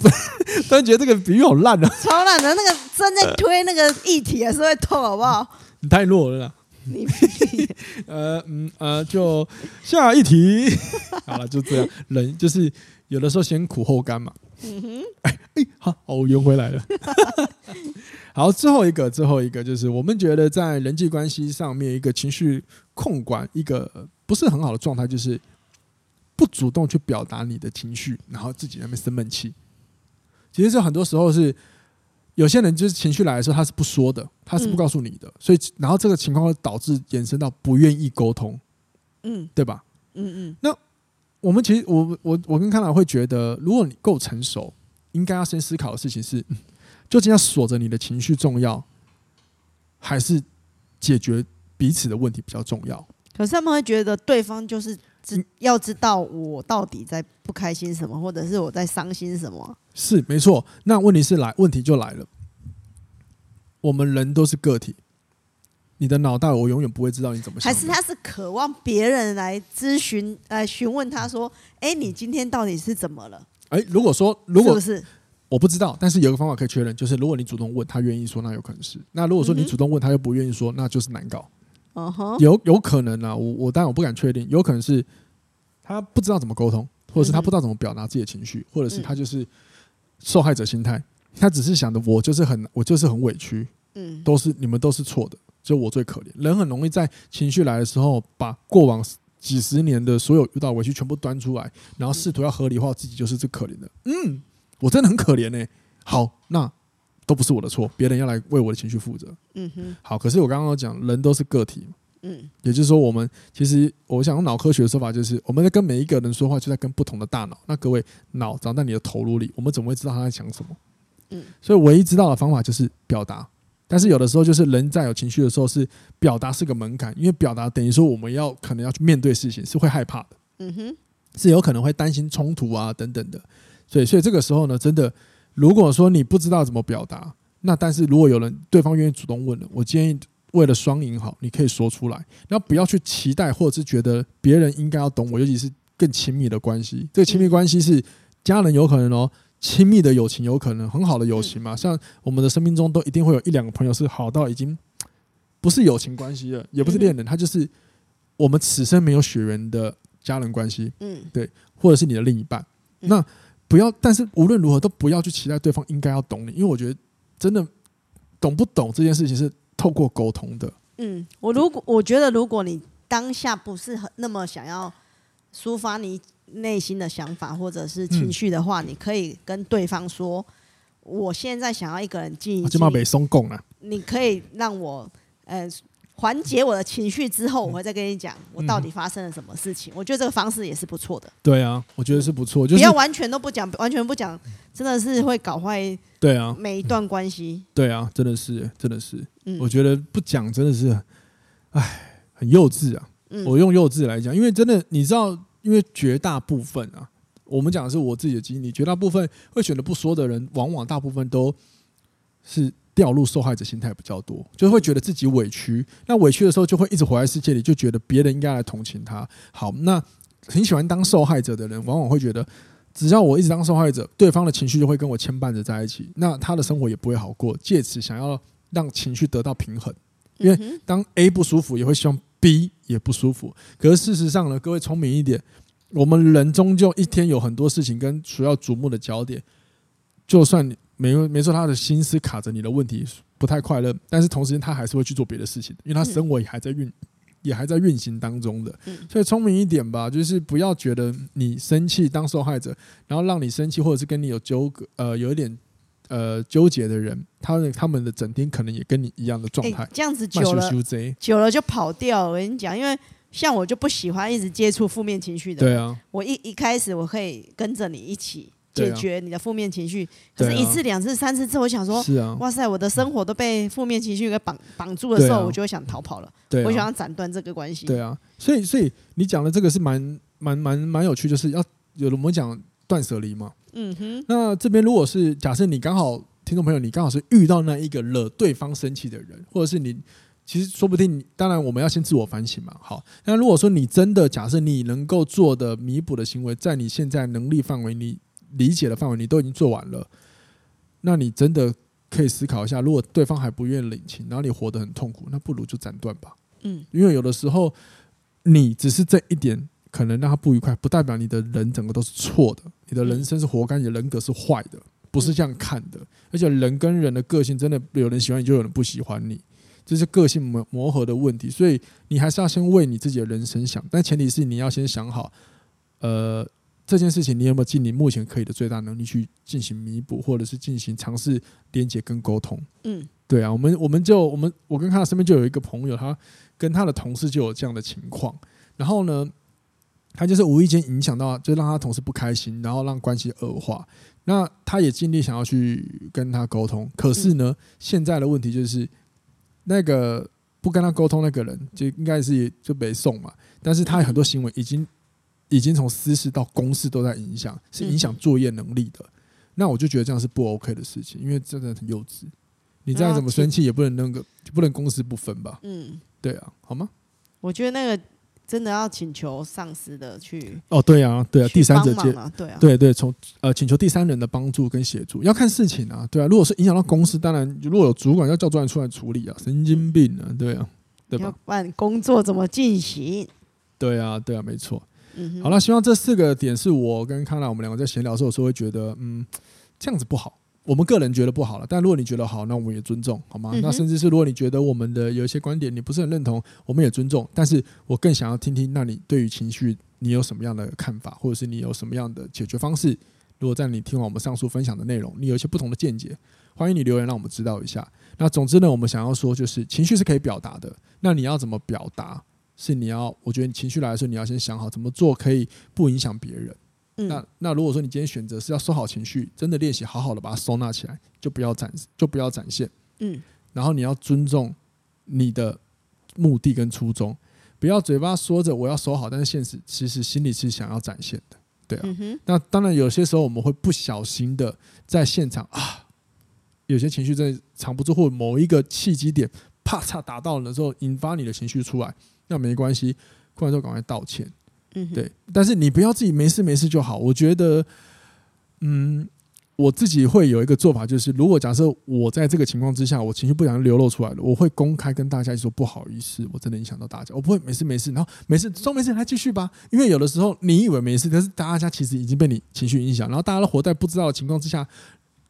Speaker 1: 然覺得這個比喻好爛啊！
Speaker 2: 超爛的，那個正在推那個議題也是會痛，好不好？
Speaker 1: 你太弱了你屁、 呃。你呃嗯呃，就下一題 好了，就這樣。人就是有的時候先苦後甘嘛。哎、嗯、哎、欸，好、欸，哦，圓回來了。 好，最後一個，最後一個就是我們覺得在人際關係上面，一個情緒控管，一個不是很好的狀態就是，主動去表達你的情緒，然後自己那邊生悶氣，其實這很多時候是有些人就是情緒來的時候，他是不說的，他是不告訴你的，嗯、所以然後這個情況會導致延伸到不願意溝通，嗯，對吧？嗯嗯。那我們其實我我我跟 Kana 會覺得，如果你夠成熟，應該要先思考的事情是，究竟要鎖着你的情緒重要，還是解決彼此的問題比較重要？
Speaker 2: 可是他們會覺得對方就是。只要知道我到底在不開心什麼，或者是我在傷心什麼？
Speaker 1: 是沒錯。那問題是來問題就來了，我們人都是個體，你的腦袋我永遠不會知道你怎麼想。還是他
Speaker 2: 是渴望別人來諮詢，來詢問他，說：“哎、欸，你今天到底是怎麼了？”
Speaker 1: 哎、欸，如果說如果是不是我不知道，但是有一個方法可以確認，就是如果你主動問他，願意說，那有可能是；那如果說你主動問、嗯、他又不願意說，那就是難搞。Uh -huh. 有有可能啊，我我當然我不敢確定，有可能是他不知道怎麼溝通，或者是他不知道怎麼表達自己的情緒，或者是他就是受害者心態，uh -huh. 他只是想著我就是很我就是很委屈，嗯、uh -huh.，都是你們都是錯的，就我最可憐。人很容易在情緒來的時候，把過往幾十年的所有遇到委屈全部端出來，然後試圖要合理化自己就是最可憐的，uh -huh. 嗯，我真的很可憐呢、欸。好，那。都不是我的錯，別人要來為我的情緒負責。嗯哼，好。可是我剛剛講，人都是個體。嗯，也就是說，我們其實我想用腦科學的說法，就是我們在跟每一個人說話，就在跟不同的大腦。那各位，腦長在你的頭顱裡，我們怎麼會知道他在想什麼？嗯，所以唯一知道的方法就是表達。但是有的時候，就是人在有情緒的時候，是表達是個門檻，因為表達等於說我們要可能要去面對事情，是會害怕的。嗯
Speaker 2: 哼，
Speaker 1: 是有可能會擔心衝突啊，等等的。所以，所以這個時候呢，真的。如果說你不知道怎麼表達，那但是如果有人對方願意主動問了，我建議為了雙贏好，你可以說出來，然後不要去期待或者是覺得別人應該要懂我，尤其是更親密的關係。這個親密關係是家人有可能哦、喔，親密的友情有可能很好的友情嘛，像我們的生命中都一定會有一兩個朋友是好到已經不是友情關係了，也不是戀人，他就是我們此生沒有血緣的家人關係。嗯，對，或者是你的另一半。那。不要，但是無論如何都不要去期待對方應該要懂你，因為我覺得真的懂不懂這件事情是透過溝通的。嗯，
Speaker 2: 我如果我覺得如果你當下不是很那麼想要抒發你內心的想法或者是情緒的話，嗯，你可以跟對方說：“我現在想要一個人靜一靜。”
Speaker 1: 就鬆了。
Speaker 2: 你可以讓我呃。緩解我的情緒之後，我會再跟你講我到底發生了什麼事情。嗯、我覺得這個方式也是不錯的。
Speaker 1: 對啊，我覺得是不錯，就是你要完
Speaker 2: 全都不講，完全不講，真的是會搞壞。
Speaker 1: 對啊，每一
Speaker 2: 段關係、
Speaker 1: 啊。對啊，真的是，真的是。嗯、我覺得不講真的是，唉，很幼稚啊。嗯、我用幼稚來講，因為真的，你知道，因為絕大部分啊，我們講的是我自己的經歷，絕大部分會選擇不說的人，往往大部分都是。掉入受害者心態比較多，就會覺得自己委屈。那委屈的時候，就會一直活在世界裡，就覺得別人應該來同情他。好，那很喜歡當受害者的人，往往會覺得，只要我一直當受害者，對方的情緒就會跟我牽絆着在一起，那他的生活也不會好過，借此想要讓情緒得到平衡。因為當 A 不舒服，也會希望 B 也不舒服。可是事實上呢，各位聰明一點，我們人終究一天有很多事情跟所要矚目的焦點，就算你。沒沒錯，他的心思卡着你的問題，不太快樂。但是同時間，他還是會去做別的事情，因為他生活也還在運，嗯、也還在運行當中的。嗯、所以聰明一點吧，就是不要覺得你生氣當受害者，然後讓你生氣或者是跟你有糾葛呃有一點呃糾結的人，他他們的整天可能也跟你一樣的狀態。這樣子久了，收收
Speaker 2: 久了就跑掉。我跟你講，因為像我就不喜歡一直接觸負面情緒的。對啊，我一一開始我可以跟着你一起。解決你的負面情緒，啊，可是一次兩、啊、次三次次，我想說，是啊，哇塞，我的生活都被負面情緒給綁綁住的時候，啊，我就會想逃
Speaker 1: 跑了。對、啊，我想要
Speaker 2: 斬斷這個關係。對啊，
Speaker 1: 所以所以你講的這個是蠻蠻蠻蠻有趣，就是要有的。我們講斷舍離嘛。嗯
Speaker 2: 哼。
Speaker 1: 那這邊如果是假設你剛好聽眾朋友，你剛好是遇到那一個惹對方生氣的人，或者是你其實說不定，當然我們要先自我反省嘛。好，那如果說你真的假設你能夠做的彌補的行為，在你現在能力範圍你。理解的範圍，你都已經做完了，那你真的可以思考一下，如果對方還不願意領情，然後你活得很痛苦，那不如就斬斷吧。嗯，因為有的時候你只是這一點可能讓他不愉快，不代表你的人整個都是錯的，你的人生是活該，你的人格是壞的，不是這樣看的，嗯。而且人跟人的個性真的有人喜歡你就有人不喜歡你，這是個性磨磨合的問題。所以你還是要先為你自己的人生想，但前提是你要先想好，呃。這件事情，你有沒有盡你目前可以的最大能力去進行彌補，或者是進行嘗試連接跟溝通？嗯，對啊，我們我們就我們我跟他身邊就有一個朋友，他跟他的同事就有這樣的情況。然後呢，他就是無意間影響到，就讓他同事不開心，然後讓關係惡化。那他也盡力想要去跟他溝通，可是呢，嗯、現在的問題就是那個不跟他溝通那個人，就應該是就被送嘛。但是他有很多行為已經。已經從私事到公事都在影響，是影響作業能力的、嗯。那我就覺得這樣是不 OK 的事情，因為真的很幼稚。你再怎麼生氣、嗯、也不能那個，不能公私不分吧？嗯，對啊，好嗎？
Speaker 2: 我覺得那個真的要請求上司的去哦，對啊，對啊，第三者接啊，對啊，
Speaker 1: 對對，從呃請求第三人的幫助跟協助，要看事情啊，對啊，如果是影響到公司，嗯、當然如果有主管要叫專人出來處理啊，神經病啊，對啊，對吧？要
Speaker 2: 辦工作怎麼進行？
Speaker 1: 對啊，對啊，對啊對啊沒錯。好了，希望這四個點是我跟 Kana 我們兩個在閒聊的時候，有時候會覺得，嗯，這樣子不好，我們個人覺得不好了。但如果你覺得好，那我們也尊重，好嗎？嗯、那甚至是如果你覺得我們的有一些觀點你不是很認同，我們也尊重。但是我更想要聽聽，那你對於情緒你有什麼樣的看法，或者是你有什麼樣的解決方式？如果在你聽完我們上述分享的內容，你有一些不同的見解，歡迎你留言讓我們知道一下。那總之呢，我們想要說，就是情緒是可以表達的，那你要怎麼表達？是你要，我覺得你情緒來的時候，你要先想好怎麼做可以不影響別人。嗯、那那如果說你今天選擇是要收好情緒，真的練習好好的把它收納起來，就不要展，就不要展現。嗯，然後你要尊重你的目的跟初衷，不要嘴巴說着我要收好，但是現實其實心裡是想要展現的，對啊、嗯。那當然有些時候我們會不小心的在現場啊，有些情緒在藏不住，或某一個契機點啪嚓打到了之後，引發你的情緒出來。那沒關係，哭完之後趕快道歉。嗯，對，但是你不要自己沒事沒事就好。我覺得，嗯，我自己會有一個做法，就是如果假設我在這個情況之下，我情緒不想流露出來了，我會公開跟大家說不好意思，我真的影響到大家。我不會沒事沒事，然後沒事說沒事來繼續吧，因為有的時候你以為沒事，可是大家其實已經被你情緒影響，然後大家都活在不知道的情況之下，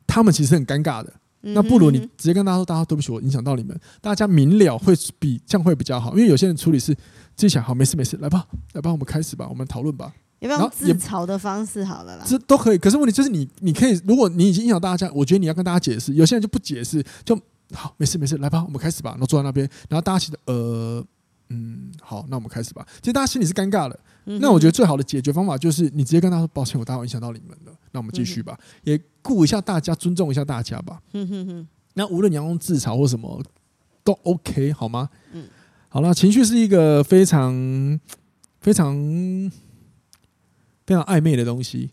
Speaker 1: 他們其實很尷尬的。那不如你直接跟大家說，大家對不起，我影響到你們。大家明了會比這樣會比較好，因為有些人處理是自己想，好沒事沒事，來吧來吧，我們開始吧，我們討論吧。有沒有自
Speaker 2: 嘲的方式好了啦？這
Speaker 1: 都可以。可是問題就是你，你可以，如果你已經影響大家，我覺得你要跟大家解釋。有些人就不解釋，就好沒事沒事，來吧，我們開始吧。然後坐在那邊，然後大家其實呃嗯好，那我們開始吧。其實大家心裡是尷尬的。那我覺得最好的解決方法就是你直接跟他說，抱歉，我剛剛影響到你們了。那我們繼續吧，嗯、也顧一下大家，尊重一下大家吧。嗯哼哼。那無論你要用自嘲或什麼都 OK，好嗎？嗯，好了。情緒是一個非常、非常、非常曖昧的東西。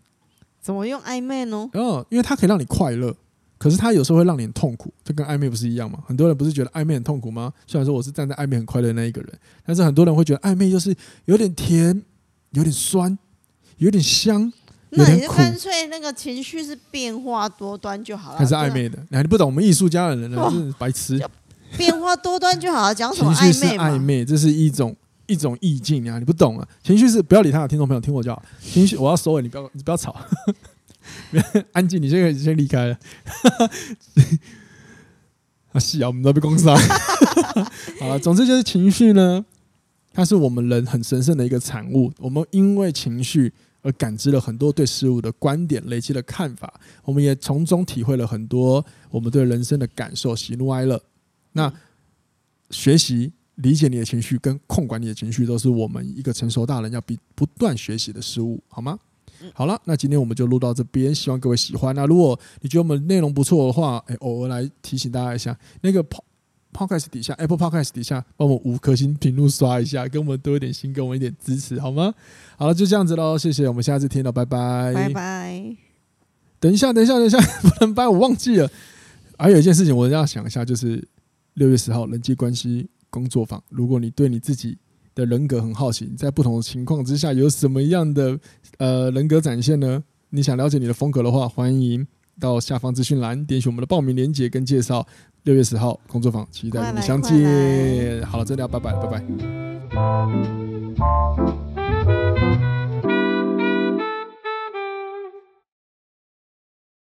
Speaker 1: 怎麼用曖昧呢？哦，因為它可以讓你快樂，可是它有時候會讓你痛苦。這跟曖昧不是一樣嗎？很多人不是覺得曖昧很痛苦嗎？雖然說我是站在曖昧很快樂的那一個人，但是很多人會覺得曖昧就是有點甜，有點酸，有點香。那你就乾脆
Speaker 2: 那個情緒是變化多端就好了，還是曖
Speaker 1: 昧的？你還不懂我們藝術家的人，呢是白痴。
Speaker 2: 變化多端就好了，講什麼曖
Speaker 1: 昧曖昧，這是一種一種意境。你啊，你不懂啊。情緒是不要理他、啊，聽眾朋友，聽我就好。情緒我要收尾，你不要你不要吵， 啊啊啊、 安靜，你先你先離開了。 啊，是啊，我們都被攻殺了。好了，總之就是情緒呢，它是我們人很神聖的一個產物。我們因為情緒。而感知了很多對事物的觀點，累積的看法，我們也從中體會了很多我們對人生的感受，喜怒哀樂。那學習理解你的情緒，跟控管你的情緒，都是我們一個成熟大人要比不斷學習的事物，好嗎？嗯、好了，那今天我們就錄到這邊，希望各位喜歡。那如果你覺得我們內容不錯的話，誒、欸，偶爾來提醒大家一下，那個跑。Podcast 底下，Apple Podcast 底下，幫我五顆星評論，刷一下，給我們多一點心，給我們一點支持，好嗎？好了，就這樣子嘍，謝謝，我們下次聽到，拜拜，拜拜。等一下，等一下，等一下，不能拜，我忘記了。還、啊、有一件事情，我要想一下，就是六月十號人際關係工作坊。如果你對你自己的人格很好奇，在不同的情況之下有什麼樣的呃人格展現呢？你想了解你的風格的話，歡迎。到下方資訊欄，點擊我們的報名鏈接跟介紹。六月十號工作坊，期待與你們相見。好了，這裡要拜拜了，拜拜。